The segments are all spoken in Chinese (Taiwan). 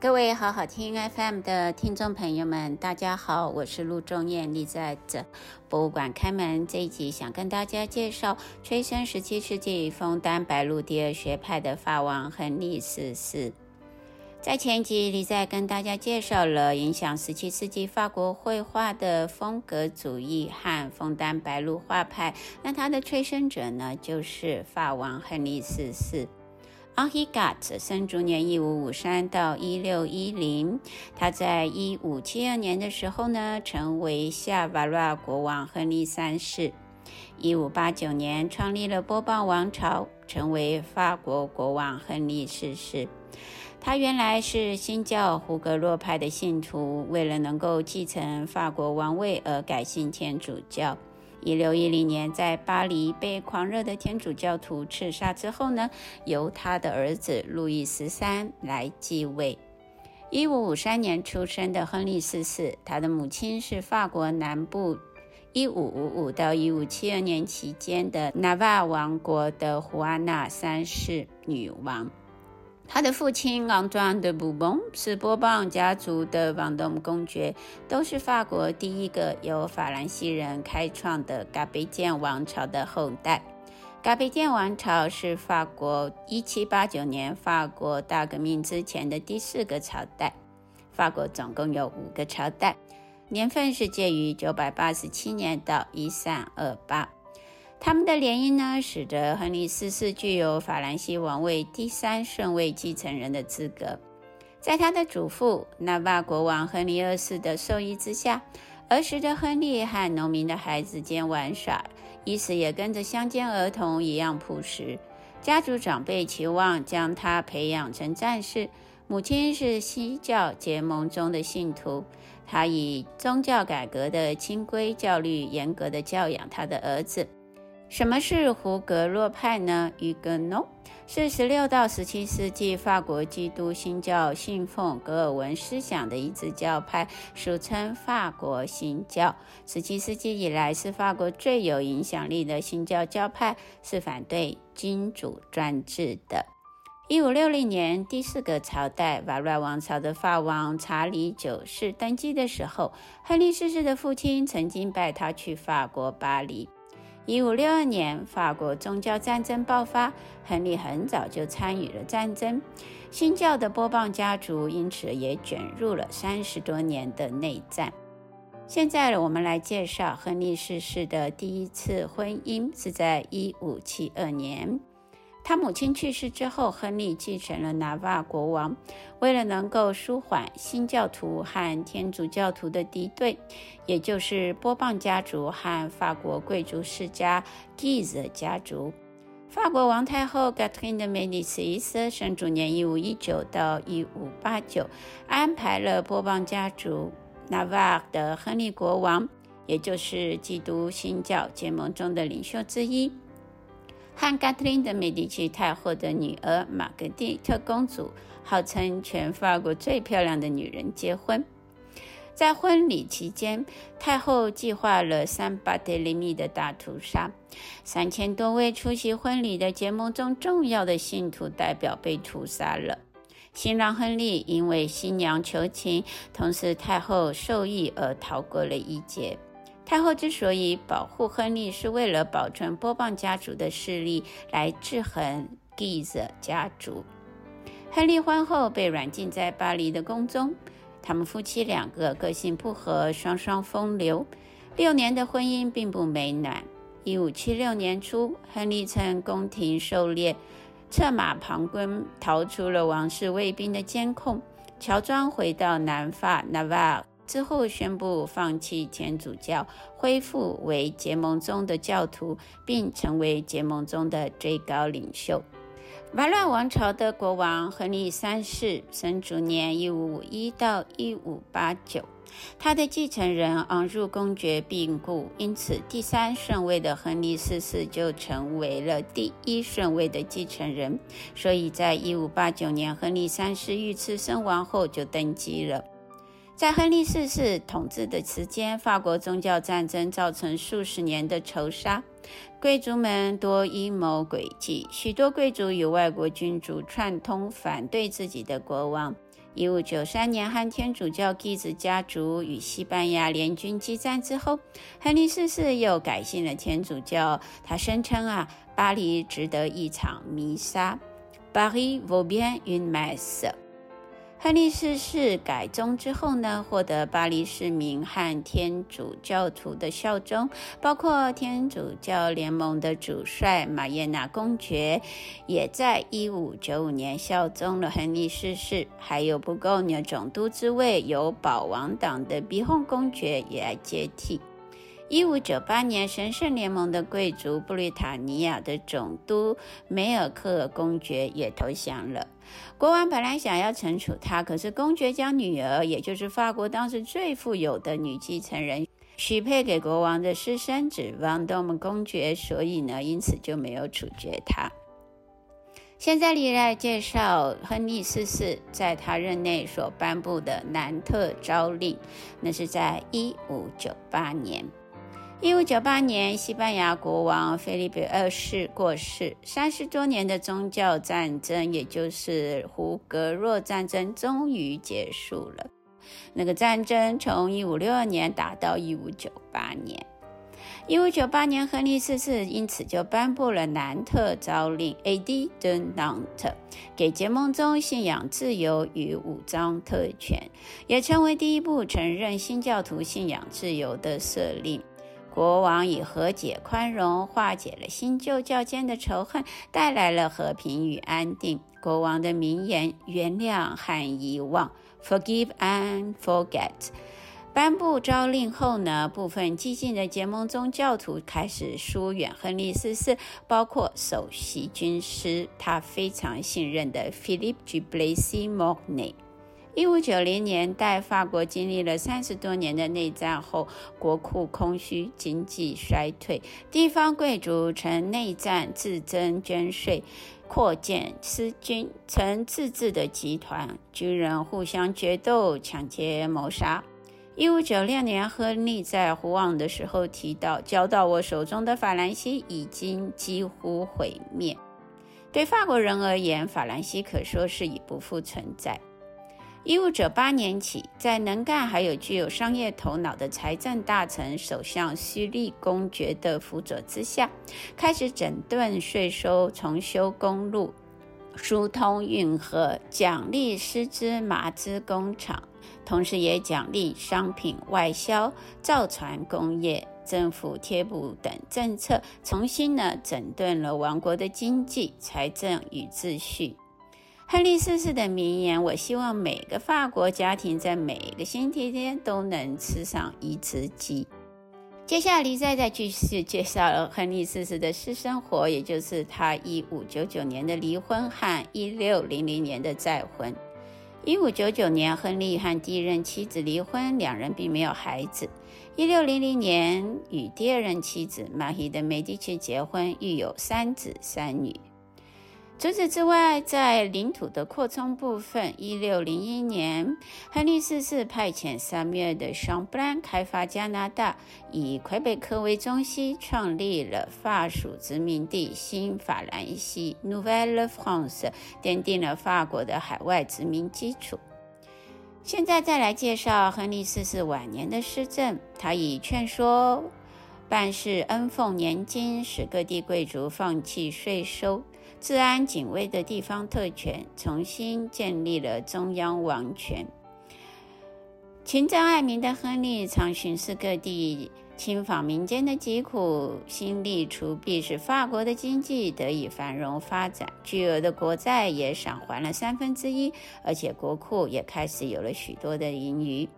各位好好聽 FM 的聽眾朋友們，大家好，我是陸仲艷。你在這博物館開門這一集，想跟大家介紹催生十七世紀楓丹白露第二學派的法王亨利四世。在前集，你在跟大家介紹了影響十七世紀法國繪畫的風格主義和楓丹白露畫派。那他的催生者呢，就是法王亨利四世。阿希格特，hat，生卒年一五五三到一六一零。他在一五七二年的時候呢，成為夏瓦拉國王亨利三世。一五八九年，創立了波旁王朝，成為法國國王亨利四世。他原來是新教胡格諾派的信徒，為了能夠繼承法國王位而改信天主教。一六一零年在巴黎被狂熱的天主教徒刺殺之後呢，由他的兒子路易十三來繼位。一五五三年出生的亨利四世，他的母親是法國南部一五五五到一五七二年期間的納瓦爾王國的胡安娜三世女王。他的父親 Antoine de Bourbon 是波旁家族的 Vendôme 公爵，都是法國第一個由法蘭西人開創的卡佩建王朝的後代。卡佩建王朝是法國1789年法國大革命之前的第四個朝代。法國總共有五個朝代，年份是介於987年到1328。他們的聯姻呢，使得亨利四世具有法蘭西王位第三順位繼承人的資格。在他的祖父納瓦國王亨利二世的授意之下，兒時的亨利和農民的孩子間玩耍，衣食也跟着鄉間兒童一樣樸實。家族長輩期望將他培養成戰士。母親是新教結盟宗的信徒，他以宗教改革的清規教律嚴格的教養他的兒子。什麼是胡格諾派呢？胡格諾是十六到十七世紀法國基督新教信奉格爾文思想的一支教派，俗稱法國新教。十七世紀以來是法國最有影響力的新教教派，是反對君主專制的。一五六零年，第四個朝代瓦盧瓦王朝的法王查理九世登基的時候，亨利四世的父親曾經帶他去法國巴黎。一五六二年，法國宗教戰爭爆發，亨利很早就參與了戰爭，新教的波旁家族因此也捲入了三十多年的內戰。現在我們來介紹亨利四世的第一次婚姻，是在一五七二年。他母親去世之後，亨利繼承了納瓦爾國王。為了能夠舒緩新教徒和天主教徒的敵對，也就是波旁家族和法國貴族世家 Guise 家族，法國王太后 Catherine de Medici 生卒年，一五一九到一五八九，安排了波旁家族納瓦爾的亨利國王，也就是基督新教結盟宗的領袖之一。和卡特琳·德·美第奇太後的女兒瑪格麗特公主，號稱全法國最漂亮的女人，結婚。在婚禮期間，太后計劃了聖巴泰勒米的大屠殺，三千多位出席婚禮的結盟宗重要的信徒代表被屠殺了。新郎亨利因為新娘求情，同時太后授意而逃過了一劫。太后之所以保護亨利，是為了保存波旁家族的勢力，來制衡 g 吉斯家族。亨利婚後被軟禁在巴黎的宮中，他們夫妻兩個個性不合，雙雙風流。六年的婚姻並不美滿。一五七六年初，亨利趁宮廷狩獵，策馬旁奔，逃出了王室衛兵的監控，喬裝回到南法 Navarre 之後宣布放棄天主教，恢復為結盟宗的教徒，並成為結盟宗的最高領袖。瓦盧瓦王朝的國王亨利三世生卒年一五五一到一五八九，他的繼承人昂儒公爵病故，因此第三順位的亨利四世就成為了第一順位的繼承人。所以，在一五八九年亨利三世遇刺身亡後，就登基了。在亨利四世統治的時間，法國宗教戰爭造成數十年的仇殺，貴族們多陰謀詭計，許多貴族與外國君主串通反對自己的國王。一五九三年，和天主教吉斯家族與西班牙聯軍激戰之後，亨利四世又改信了天主教。他聲稱啊，巴黎值得一場彌撒，Paris vaut bien une messe 亨利四世改宗之後呢，獲得巴黎市民和天主教徒的效忠，包括天主教聯盟的主帥馬耶那公爵，也在一五九五年效忠了亨利四世。還有布告紐總督之位由保王黨的比紅公爵也來接替。一五九八年，神聖聯盟的貴族布里塔尼亞的總督梅爾克爾公爵也投降了。國王本來想要懲處他，可是公爵將女兒，也就是法國當時最富有的女繼承人，許配給國王的私生子旺多姆公爵，所以呢，因此就沒有處決他。現在，你來介紹亨利四世在他任內所頒布的南特詔令，那是在一五九八年。一五九八年，西班牙國王菲利比二世過世，三十多年的宗教戰爭，也就是胡格諾戰爭，終於結束了。那個戰爭從一五六二年打到一五九八年。一五九八年，亨利四世因此就頒布了南特詔令 Édit de Nantes 給結盟宗信仰自由與武裝特權，也成為第一部承認新教徒信仰自由的敕令。國王以和解、寬容化解了新舊教間的仇恨，帶來了和平與安定。國王的名言：原諒和遺忘 （Forgive and forget）。頒布詔令後呢，部分激進的結盟宗教徒開始疏遠亨利四世，包括首席軍師他非常信任的 Philippe Duplessis-Mornay。一五九零年代，法國經歷了三十多年的內戰後，國庫空虛，經濟衰退。地方貴族乘內戰自徵捐稅，擴建私軍成自治的集團，軍人互相決鬥、搶劫、謀殺。一五九六年，亨利在湖旺的時候提到：“交到我手中的法蘭西已經幾乎毀滅。”對法國人而言，法蘭西可說是已不復存在。一五九八年起，在能幹還有具有商業頭腦的財政大臣、首相西利公爵的輔佐之下，開始整頓稅收、重修公路、疏通運河、獎勵絲織、麻織工廠，同時也獎勵商品外銷、造船工業、政府貼補等政策，重新呢整頓了王國的經濟、財政與秩序。亨利四世的名言：“我希望每個法國家庭在每個星期天都能吃上一隻雞。”接下來，再繼續介紹了亨利四世的私生活，也就是他一五九九年的離婚和一六零零年的再婚。一五九九年，亨利和第一任妻子離婚，兩人並沒有孩子。一六零零年，與第二任妻子瑪麗·德·美第奇結婚，育有三子三女。除此之外，在領土的擴充部分，一六零一年，亨利四世派遣薩繆爾·德·尚普蘭開發加拿大，以魁北克為中心，創立了法屬殖民地新法蘭西 （Nouvelle France），奠定了法國的海外殖民基礎。現在再來介紹亨利四世晚年的施政，他以勸說、辦事恩俸年金，使各地貴族放棄稅收。治安警衛的地方特權，重新建立了中央王權。勤政愛民的亨利常巡視各地，親訪民間的疾苦，興利除弊，使法國的經濟得以繁榮發展。巨額的國債也償還了三分之一，而且國庫也開始有了許多的盈餘。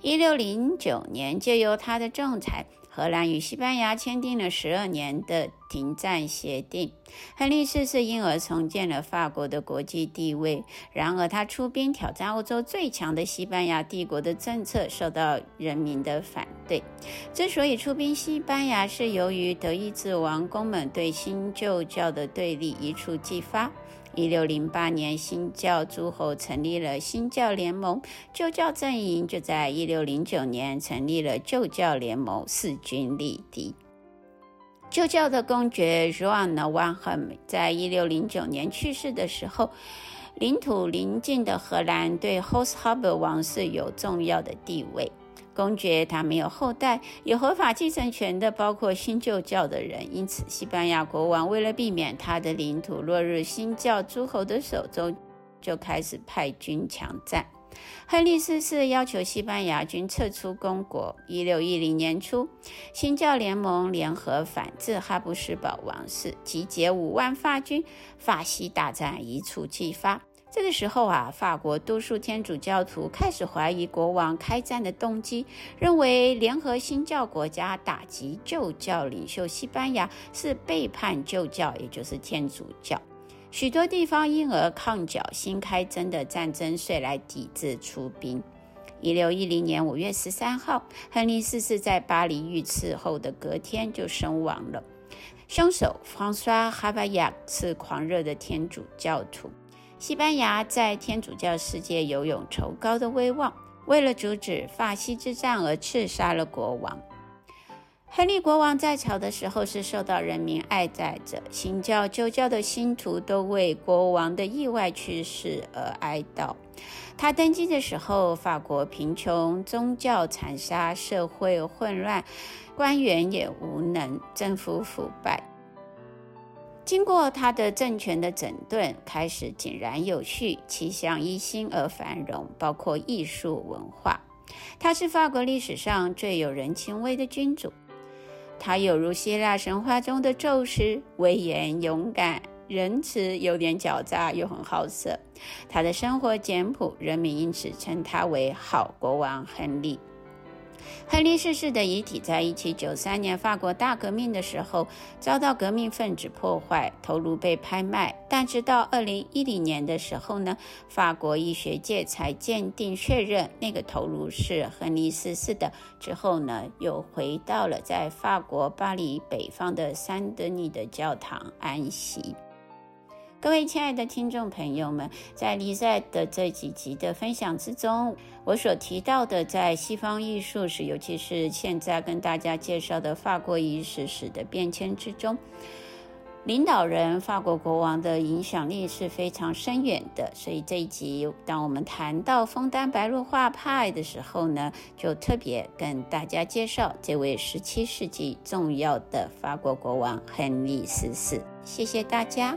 一六零九年，就由他的政財。荷蘭與西班牙簽訂了十二年的停戰協定，亨利四世因而重建了法國的國際地位。然而，他出兵挑戰歐洲最強的西班牙帝國的政策受到人民的反對。之所以出兵西班牙，是由於德意志王公們對新舊教的對立一觸即發。一六零八年，新教諸侯成立了新教聯盟；舊教陣營就在一六零九年成立了舊教聯盟，勢均力敵。舊教的公爵 Ruan n 約翰·德·萬亨在一六零九年去世的時候，領土臨近的荷蘭對 h h o s 霍斯哈伯王室有重要的地位。公爵他沒有後代，有合法繼承權的包括新舊教的人，因此西班牙國王為了避免他的領土落入新教諸侯的手中，就開始派軍強佔。亨利四世要求西班牙軍撤出公國。一六一零年初，新教聯盟聯合反制哈布斯堡王室，集結五萬法軍，法西大戰一觸即發。這個時候啊，法國多數天主教徒開始懷疑國王開戰的動機，認為聯合新教國家打擊舊教領袖西班牙是背叛舊教，也就是天主教。許多地方因而抗繳新開徵的戰爭稅，來抵制出兵。一六一零年五月十三號，亨利四世在巴黎遇刺後的隔天就身亡了。兇手方刷哈巴雅是狂熱的天主教徒。西班牙，在天主教世界有種崇高的威望，為了阻止法西之戰而刺殺了國王亨利。國王在朝的時候是受到人民愛戴者，新教、舊教的信徒都為國王的意外去世而哀悼。他登基的時候，法國貧窮、宗教殘殺、社會混亂，官員也無能，政府腐敗。經過他的政權的整頓，開始井然有序，氣象一新而繁榮，包括藝術文化。他是法國歷史上最有人情味的君主，他有如希臘神話中的宙斯，威嚴、勇敢、仁慈，有點狡詐又很好色。他的生活簡樸，人民因此稱他為“好國王亨利”。亨利四世的遺體在1793年法國大革命的時候遭到革命分子破壞，頭顱被拍賣。但直到2010年的時候呢，法國醫學界才鑑定確認那個頭顱是亨利四世的。之後呢，又回到了在法國巴黎北方的桑德尼的教堂安息。各位親愛的聽眾朋友們，在歷在的這幾集的分享之中，我所提到的在西方藝術史，尤其是現在跟大家介紹的法國藝術史的變遷之中，領導人法國國王的影響力是非常深遠的。所以這一集，當我們談到楓丹白露畫派的時候呢，就特別跟大家介紹這位十七世紀重要的法國國王亨利四世。謝謝大家。